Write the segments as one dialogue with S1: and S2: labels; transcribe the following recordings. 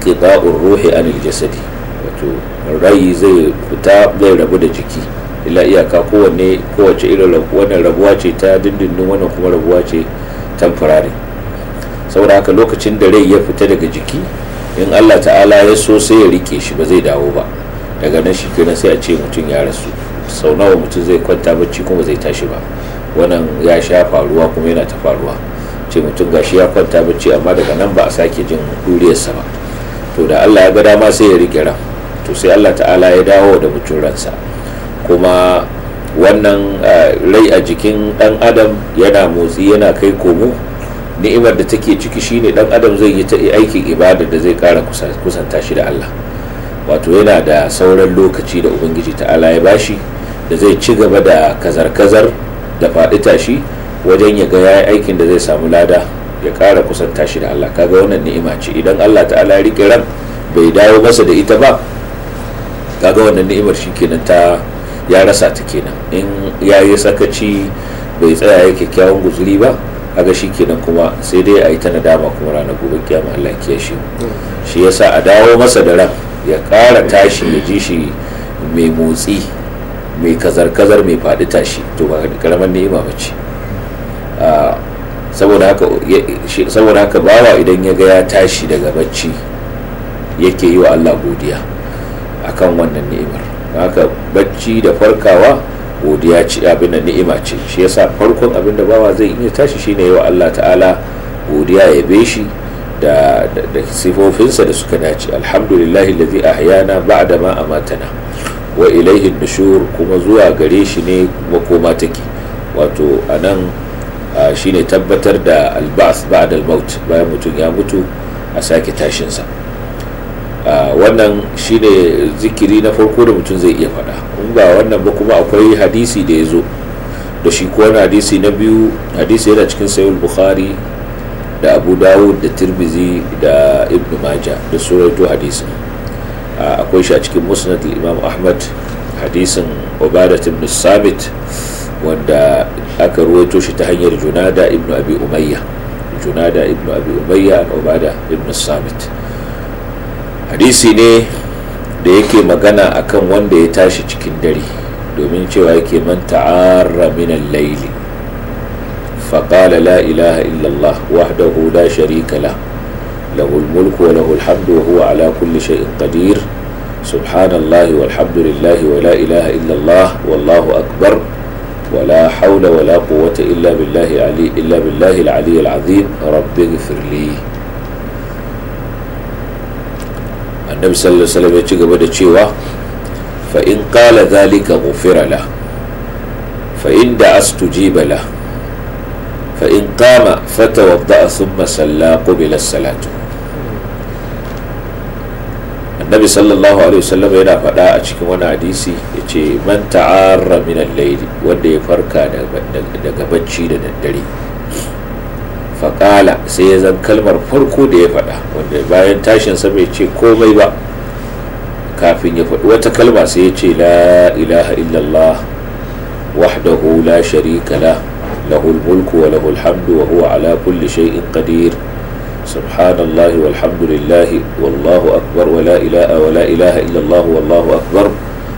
S1: inqita'ur ruhi anil jasadi wato rai zai fita zai rabu da jiki ila iyaka kowanne kowace irin wannan rabuwa ce ta dindindin wannan kuma rabuwa ce tamfurari saboda haka lokacin da rai ya fita daga jiki in Allah ta'ala ya so sai ya rike shi ba zai dawo ba daga nan shi kenan sai a ce mutum ya rasu sau nawa mutum zai kwanta bacci kuma zai tashi ba wannan ya sha faruwa kuma yana ta faruwa ce mutum gashi ya kwanta bacci amma daga nan ba a sake jin duriyarsa ba to da allah ya ga dama sai ya rike ran to sai allah ta'ala ya dawo da mutum ransa kuma wannan rai a jikin ɗan adam yana motsi yana kai komo ni'imar da take ciki shine ɗan adam zai yi ta aikin ibada da zai kara kusanta shi da allah wato yana da sauran lokaci da ubangiji ta'ala ya bashi da zai ci gaba da kazar-kazar da faɗi tashi wajen ya ga ya aikin da zai samu lada ya ƙara kusanta tashi da Allah kaga wannan ni'ima ce idan Allah ta'ala ya rike ran bai dawo masa da ita ba kaga wannan ni'imar shi kenan ta ya rasa ta kenan in ya yi sakaci bai tsaya ya kyakkyawan guzuri ba kaga shi kenan kuma sai dai a yi ta nadama kuma ranar gobe kiyama Allah ya hmm. shi shi yasa a dawo masa da ran ya ƙara tashi ya ji shi mai motsi mai kazar-kazar mai faɗi tashi to ba karamar ni'ima ba ce ah, saboda haka bawa idan ya ga ya tashi daga bacci yake yi wa Allah godiya kan wannan ni'imar haka bacci da farkawa godiya ce abin da ni'ima ce shi yasa farkon abin da bawa zai iya tashi shine wa Allah ta'ala godiya ya be shi da sifofinsa da suka dace alhamdulillahi ba ahyana ba'da ma matana wa ilaihin nushur kuma zuwa gare shi ne makoma take wato a nan. Ah, shine tabbatar da albas ba da maut bayan mutum ya mutu a sake tashinsa ah, wannan shine zikiri na farko da mutum zai iya faɗa in ba wannan ba kuma akwai hadisi da ya zo da shi ko hadisi na biyu hadisi yana cikin sayul bukhari da abu dawud da tirmizi da ibn maja da surato hadisi ah, akwai shi a cikin musnad imam ahmad hadisin ubadat ibn samit. wanda aka ruwaito shi ta hanyar junada ibnu abi umayya junada ibnu abi umayya ubada ibnu samit hadisi ne da yake magana akan wanda ya tashi cikin dare domin cewa yake man ta'arra min al-layli faqala la ilaha illa Allah wahdahu la sharika la lahu mulku wa hamdu huwa ala kulli shay'in qadir subhanallahi walhamdulillahi wa la ilaha illa Allah wallahu akbar حول ولا قوة إلا بالله علي إلا بالله العلي العظيم رب اغفر لي النبي صلى الله عليه وسلم يتجب بدا فإن قال ذلك غفر له فإن دعست جيب له فإن قام فتوضأ ثم صلى قبل الصلاة annabi sallallahu alaihi wasallam yana faɗa a cikin wani hadisi ya ce man ta'arra min al-layli wanda ya farka daga bacci da daddare faƙala sai ya zan kalmar farko da ya faɗa wanda bayan tashin sa ya ce komai ba kafin ya faɗi wata kalma sai ya ce la ilaha illallah wahdahu la sharika la lahul mulku wa lahul hamdu wa huwa ala kulli shay'in qadir subhanallahi walhamdulillahi wallahu akbar wala ilaha wala ilaha illallah wallahu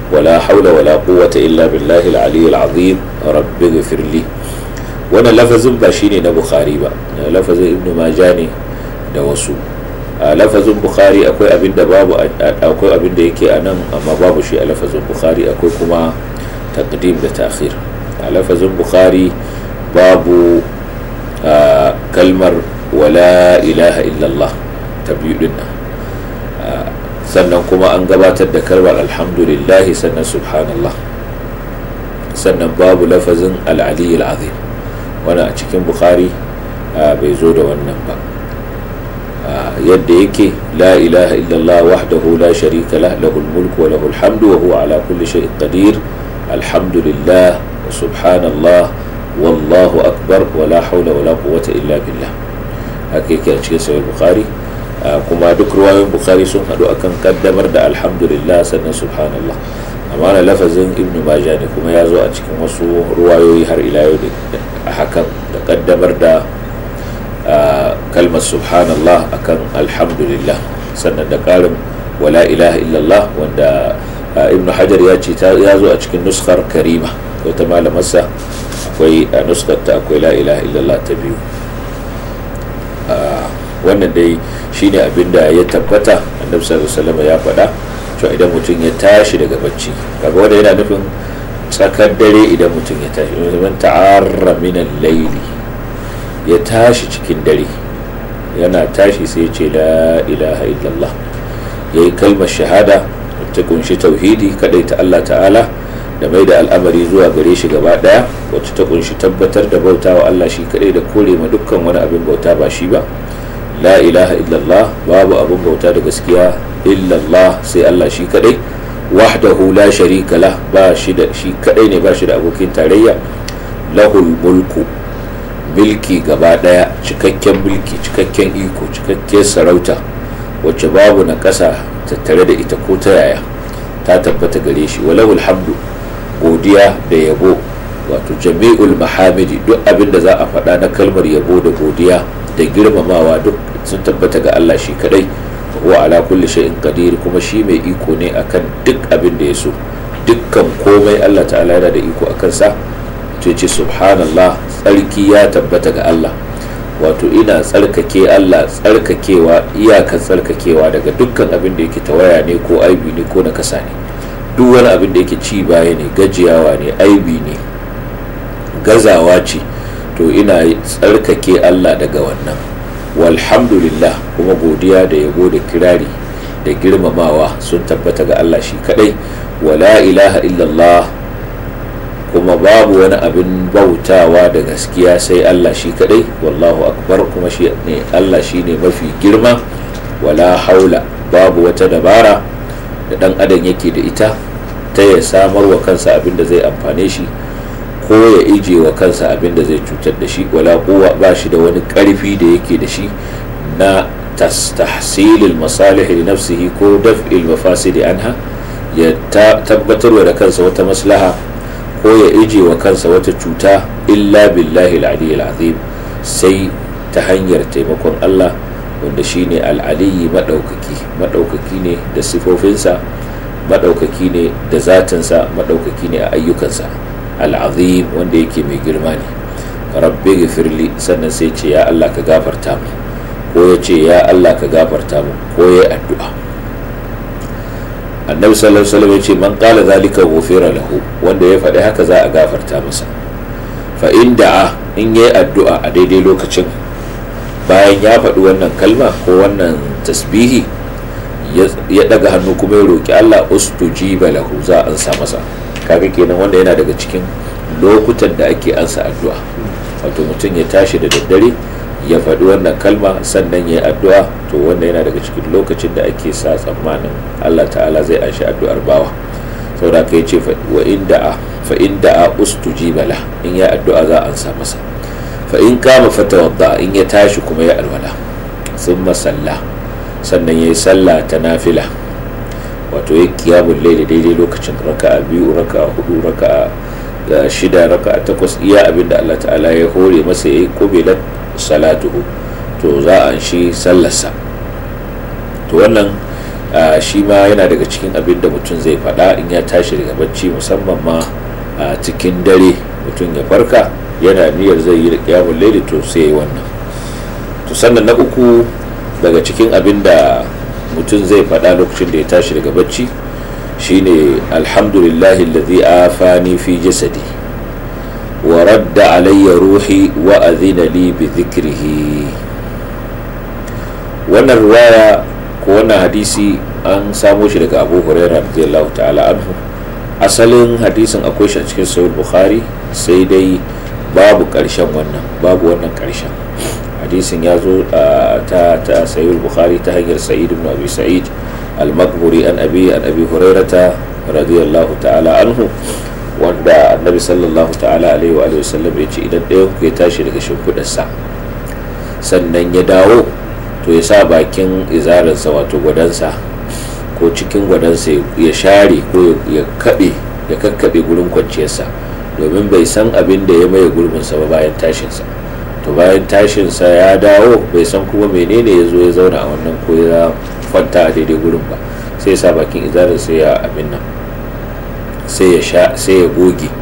S1: wala haula wala quwwata illa billahi al-ali al-azim rabbi ghfirli wannan lafazin ba shine na bukhari ba lafazin ibnu majah ne da wasu a lafazin bukhari akwai abinda babu akwai abin da yake a nan amma babu shi a lafazin bukhari akwai kuma taqdim da ta'khir a lafazin bukhari babu kalmar wala ilaha illallah ta biyu din nan ah, sannan kuma an gabatar da kalmar alhamdulillah sannan subhanallah sannan babu lafazin al'ali al'azim wani a cikin bukhari ah, bai zo da wannan ba ah, yadda yake la ilaha illallah wahdahu la sharika lah lahul mulku wa lahul hamdu wa huwa ala kulli shay'in qadir alhamdulillah subhanallah wallahu akbar wa la hawla wa la quwwata illa billah haka a cikin sahih bukhari kuma duk ruwayoyin bukhari sun hadu akan kaddamar da alhamdulillah sannan subhanallah amma na lafazin ibnu majah ne kuma ya zo a cikin wasu ruwayoyi har ila yau hakan da kaddamar da kalmar subhanallah akan alhamdulillah sannan da karin wala ilaha illallah wanda ibn hajar ya ce ya zo a cikin nuskar karima wata malamarsa akwai a nuskarta akwai la ilaha illallah ta biyu wannan dai shine abin da ya tabbata annabi sallallahu alaihi ya faɗa to idan mutum ya tashi daga bacci kaga wanda yana nufin tsakar dare idan mutum ya tashi zaman ta'arra min al ya tashi cikin dare yana tashi sai ya ce la ilaha illallah yayi kalmar shahada ta kunshi tauhidi kadai ta Allah ta'ala da mai da al'amari zuwa gare shi gaba daya wacce ta kunshi tabbatar da bauta wa Allah shi kadai da kore ma dukkan wani abin bauta ba shi ba la ilaha illallah babu abin bauta da gaskiya illallah sai Allah shi kadai wahdahu la sharika la ba shi da shi kadai ne ba shi da abokin tarayya lahul mulku bilki gaba daya cikakken bilki cikakken iko cikakken sarauta wacce babu na kasa tattare da ita ko ta yaya ta tabbata gare shi walahul hamdu godiya da yabo wato jami'ul mahamidi duk abin da za a faɗa na kalmar yabo da godiya da girmamawa duk sun tabbata ga Allah shi kadai wa ala kulli shay'in qadir kuma shi mai iko ne akan duk abin da ya so dukkan komai Allah ta'ala yana da iko akan sa to ce subhanallah tsarki ya tabbata ga Allah wato ina tsarkake Allah tsarkakewa iyakan tsarkakewa daga dukkan abin da yake tawaya ne ko aibi ne ko nakasa ne duk wani abin da yake ci baya ne gajiyawa ne aibi ne gazawa ce to ina tsarkake allah daga wannan walhamdulillah kuma godiya da yabo da kirari da girmamawa sun tabbata ga allah shi kadai wala ilaha illallah kuma babu wani abin bautawa da gaskiya sai Allah shi kadai wallahu akbar kuma shi ne Allah shi ne mafi girma wala haula babu wata dabara da dan adam yake da ita ta ya samar wa kansa abin da zai amfane shi ko ya ije wa kansa abin da zai cutar da shi wala kowa ba shi da wani karfi da yake da shi na tastahsilil masalih li nafsihi ko daf'il mafasidi anha ya tabbatar da kansa wata maslaha ko ya ije wa kansa wata cuta illa billahi al-aliyyil azim sai ta hanyar taimakon Allah wanda shine al'aliyi maɗaukaki maɗaukaki ne da sifofinsa maɗaukaki ne da zatinsa maɗaukaki ne a ayyukansa al'azim wanda yake mai girma ne rabbi gifirli sannan sai ce ya allah ka gafarta mu ko ya ce ya allah ka gafarta mu ko ya addu'a annabi sallallahu alaihi ya ce man qala zalika ghufira lahu wanda ya faɗi haka za a gafarta masa fa in da'a in yayi addu'a a daidai lokacin bayan ya faɗi wannan kalma ko wannan tasbihi ya ɗaga hannu kuma ya roki Allah ji balahu za a ansa masa kaga kenan wanda yana daga cikin lokutan da ake ansa addu'a wato mutum ya tashi da daddare ya faɗi wannan kalma sannan ya yi addu'a to wanda yana daga cikin lokacin da ake sa tsammanin Allah ta'ala zai anshi addu'ar bawa saboda ka ya ce inda a fa inda a in ya addu'a za a ansa masa fa kama kama wadda in ya tashi kuma ya alwala sun masalla sannan ya yi sallah ta nafila wato ya bulle da daidai lokacin raka biyu raka hudu raka da eh, shida raka takwas iya abin da allah ta'ala ya hore masa ya yi kubilar salatuhu to za a shi sallarsa to wannan eh, shi ma yana daga cikin abin da mutum zai faɗa in ya tashi daga bacci musamman ma eh, cikin dare mutum ya farka yana niyyar zai yi kiyamun laili to sai wannan to sannan na uku daga cikin abin da mutum zai faɗa lokacin da ya tashi daga bacci shine alhamdulillahi alladhi afani fi jasadi wa radda alayya ruhi wa adhina li bi dhikrihi wannan riwaya ko wannan hadisi an samo shi daga Abu Hurairah radiyallahu ta'ala anhu asalin hadisin akwai shi a cikin sahih Bukhari sai dai babu ƙarshen wannan babu wannan ƙarshen hadisin ya zo ta ta sayyid bukhari ta hanyar sa'id ibn abi sa'id al-maghburi an abi an abi hurairata radiyallahu ta'ala anhu wanda annabi sallallahu ta'ala alaihi wa sallam ya ce idan ɗayan ku ya tashi daga sa sannan ya dawo to ya sa bakin izararsa wato gwadansa ko cikin gwadansa ya share ko ya kaɓe ya kakkaɓe gurin kwanciyarsa domin bai san abin da ya maye gurbinsa ba bayan tashinsa to bayan tashinsa ya dawo bai san kuma menene ya zo ya zauna a wannan ko ya kwanta a daidai gurin ba sai sa bakin izarin sai ya abin nan sai ya sha sai ya goge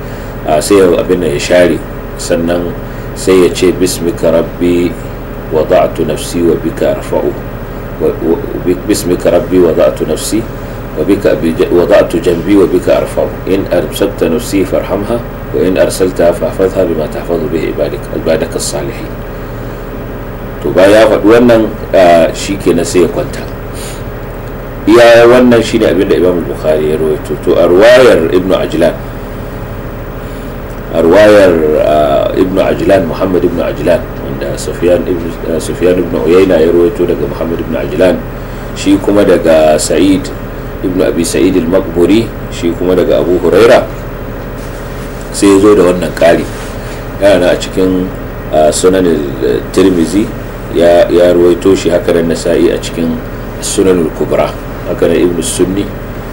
S1: sai ya abin nan ya share sannan sai ya ce bismika rabbi wada'tu nafsi wa bika arfa'u bismika rabbi wada'tu nafsi wada'tu wa bika arfa'u in arsabta nafsi farhamha وإن أرسلتها فاحفظها بما تحفظ به عبادك عبادك الصالحين to ba ya faɗi wannan shi ke na sai ya kwanta iya wannan shine abin da imam bukhari ya rawaito to a ruwayar ibnu ajilan a ruwayar ibnu ajlan muhammad ibnu ajilan wanda sufyan ibnu uyayna ya rawaito daga muhammad ibnu ajilan shi kuma daga sa'id ibnu abi sa'id al-maqburi shi kuma daga abu huraira sai ya zo da wannan kari yana a cikin sunan tirmizi ya ruwaito shi haka nan nasa'i a cikin sunan kubra haka nan ibn sunni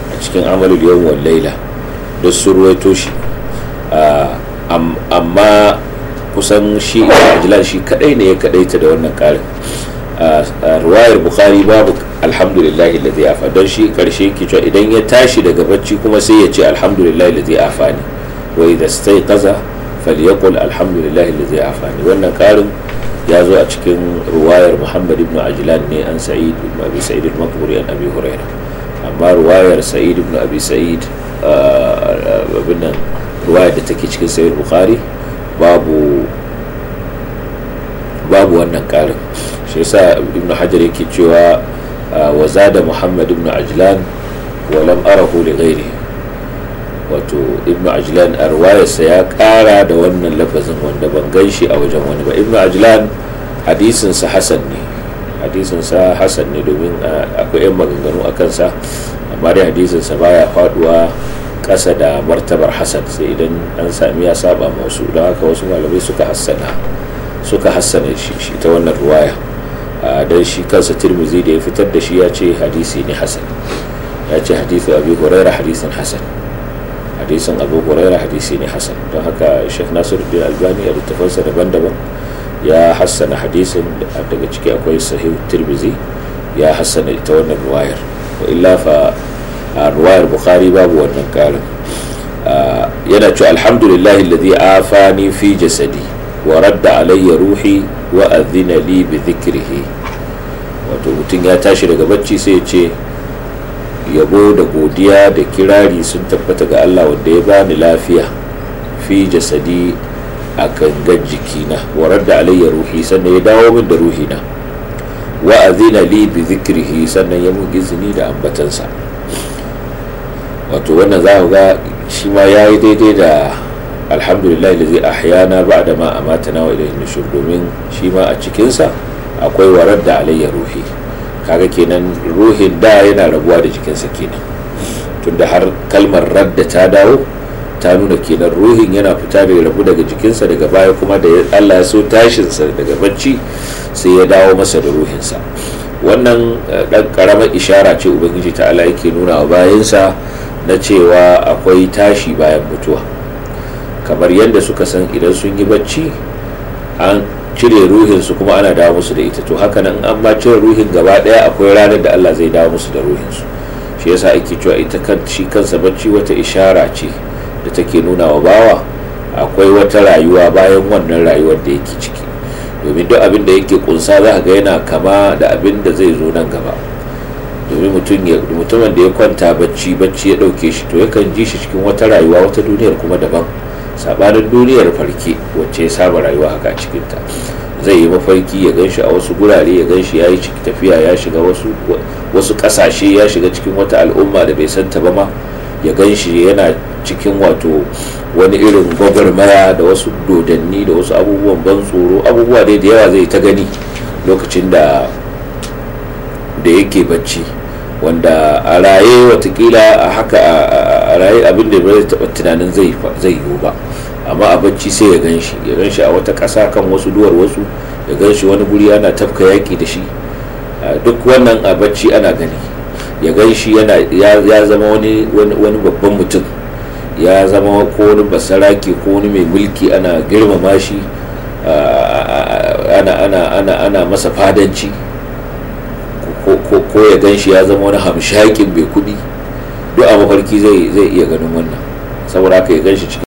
S1: a cikin amalul yawm da su ruwaito shi amma kusan shi ajlan shi kadai ne ya kadaita da wannan ƙarin ruwayar bukhari babu alhamdulillah ladhi afa don shi karshe kicin idan ya tashi daga bacci kuma sai ya ce alhamdulillah ladhi afani wa idza staiqaza falyaqul alhamdulillahi alladhi afani wannan karin ya zo a cikin ruwayar Muhammad ibn Ajlan ne an Sa'id ibn Abi Sa'id al-Maqburi an amma ruwayar Sa'id ibn Abi Sa'id uh, uh, abin nan ruwayar da take cikin Sahih Bukhari babu babu wannan karin shi yasa ibnu Hajar yake cewa uh, wa zada Muhammad ibn Ajlan wa lam arahu li ghairihi wato ibnu ajlan a ruwayarsa ya kara da wannan lafazin wanda ban gan shi a wajen wani ba ibnu ajlan hadisinsa hasan ne hadisinsa hasan ne domin akwai yan maganganu a kansa amma dai hadisinsa baya faduwa ƙasa da martabar hasan sai idan an sami ya saba ma wasu don haka wasu malamai suka hassana suka hassana shi ta wannan ruwaya don shi kansa tirmizi da ya fitar da shi ya ce hadisi ne hasan ya ce hadisi abu huraira hadisin hasan hadisin abu huraira hadisi ne hasan don haka shek nasiruddin albani a littafansa daban-daban ya hassana hadisin daga ciki akwai sahih tirmizi ya hassana ita wannan ruwayar wa illa fa a ruwayar bukhari babu wannan karin yana cewa alhamdulillahi alladhi afani fi jasadi wa radda alayya ruhi wa adhina li bi dhikrihi wato mutum ya tashi daga bacci sai ya ce yabo da godiya da kirari sun tabbata ga Allah wanda ya bani lafiya fi jasadi a gangan jikina warar da alayya ruhi sannan ya dawo min da ruhina wa azina li bi zikrihi sannan ya mun izini da ambatansa wato wannan za ga shi ma ya yi daidai da alhamdulillah da zai ahyana ba da ma a matana wa ilayhin domin shi ma a cikinsa akwai warar da alayya ruhi kaga kenan ruhin da yana rabuwa da jikinsa kenan tunda har kalmar radda ta dawo ta nuna kenan ruhin yana fita bai rabu daga jikinsa daga baya kuma da allah ya so tashinsa daga bacci sai ya dawo masa da ruhinsa wannan dan eh, karamar ishara ce ubangiji ta ala yake nuna wa bayansa na cewa akwai tashi bayan mutuwa kamar yadda suka san idan sun yi bacci an cire ruhin su kuma ana dawo musu da ita to haka nan an ba cire ruhin gaba daya akwai ranar da Allah zai dawo musu da ruhin su shi yasa ake cewa ita kan shi kansa bacci wata ishara ce da take nuna wa bawa akwai wata rayuwa bayan wannan rayuwar da yake ciki domin duk abin da yake kunsa za ga yana kama da abin da zai zo nan gaba domin mutumin da ya kwanta bacci bacci ya dauke shi to yakan ji shi cikin wata rayuwa wata duniyar kuma daban sabanin duniyar farke wacce ya saba rayuwa haka cikinta zai yi mafarki ya ganshi a wasu gurare ya ganshi ya yi tafiya ya shiga wasu kasashe ya shiga cikin wata al'umma da bai santa ba ma ya ganshi yana cikin wato wani irin maya da wasu dodanni da wasu abubuwan ban tsoro abubuwa dai da yawa zai ta gani lokacin da da yake bacci wanda a raye watakila a haka a raye abin da ba taɓa tunanin zai yiwu ba amma a bacci sai ya ganshi ya ganshi a wata ƙasa kan wasu duwar wasu ya ganshi wani guri ana tafka yaƙi da shi duk wannan a bacci ana gani ya ganshi ya zama wani babban mutum ya zama ko wani basaraki ko wani mai mulki ana girmama shi ana masa fadanci ko ya gan shi ya zama wani hamshakin mai kuɗi duk a mafarki zai iya ganin wannan saboda haka ya gan shi cikin